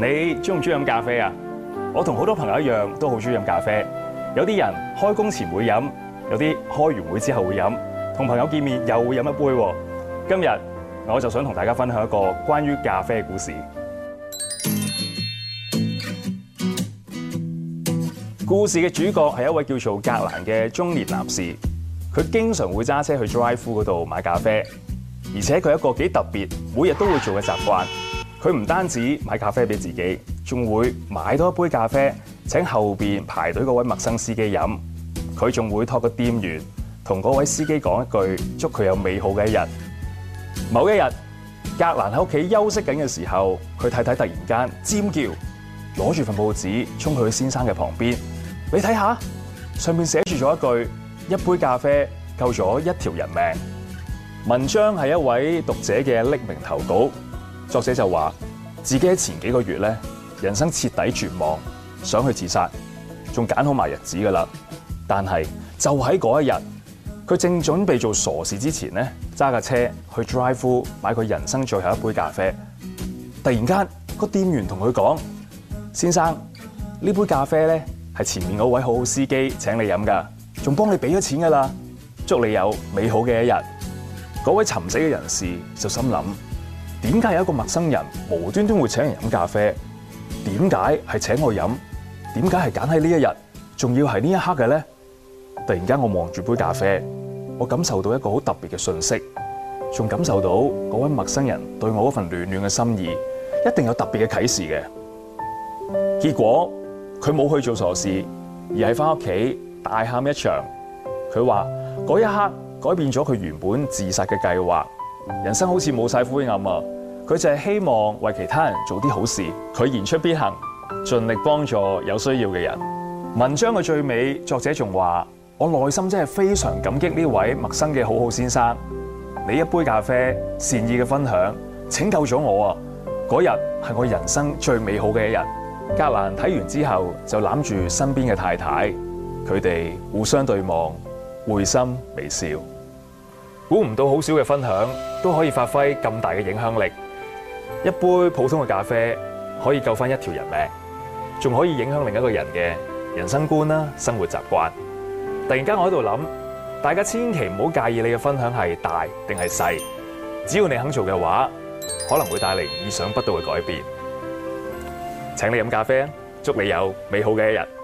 你中唔中意飲咖啡啊？我同好多朋友一樣，都好中意飲咖啡。有啲人開工前會飲，有啲開完會之後會飲，同朋友見面又會飲一杯。今日我就想同大家分享一個關於咖啡嘅故事。故事嘅主角係一位叫做格蘭嘅中年男士，佢經常會揸車去 Drive Thru 嗰度買咖啡，而且佢一個幾特別，每日都會做嘅習慣。佢唔單止買咖啡俾自己，仲會買多一杯咖啡請後面排隊嗰位陌生司機飲。佢仲會託個店員同嗰位司機講一句，祝佢有美好嘅一日。某一日，格蘭喺屋企休息緊嘅時候，佢太太突然間尖叫，攞住份報紙衝去佢先生嘅旁邊。你睇下，上面寫住咗一句：一杯咖啡救咗一條人命。文章係一位讀者嘅匿名投稿。作者就話自己喺前幾個月咧，人生徹底絕望，想去自殺，仲揀好埋日子噶啦。但係就喺嗰一日，佢正準備做傻事之前咧，揸架車去 drive-thru 買佢人生最後一杯咖啡。突然間個店員同佢講：先生，呢杯咖啡咧係前面嗰位好好司機請你飲噶，仲幫你俾咗錢噶啦。祝你有美好嘅一日。嗰位尋死嘅人士就心諗。點解有一個陌生人無端端會請人飲咖啡？點解係請我飲？點解係揀喺呢一日？仲要係呢一刻嘅咧？突然間我望住杯咖啡，我感受到一個好特別嘅訊息，仲感受到嗰位陌生人對我嗰份暖暖嘅心意，一定有特別嘅啟示嘅。結果佢冇去做傻事，而係翻屋企大喊一場。佢話嗰一刻改變咗佢原本自殺嘅計劃，人生好似冇晒灰暗啊！佢就係希望為其他人做啲好事，佢言出必行，盡力幫助有需要嘅人。文章嘅最尾，作者仲話：我內心真係非常感激呢位陌生嘅好好先生。你一杯咖啡，善意嘅分享，拯救咗我啊！嗰日係我人生最美好嘅一日。格蘭睇完之後就攬住身邊嘅太太，佢哋互相對望，會心微笑。估唔到好少嘅分享都可以發揮咁大嘅影響力。一杯普通嘅咖啡可以救翻一條人命，仲可以影響另一個人嘅人生觀啦、生活習慣。突然間我喺度諗，大家千祈唔好介意你嘅分享係大定係細，只要你肯做嘅話，可能會帶嚟意想不到嘅改變。請你飲咖啡，祝你有美好嘅一日。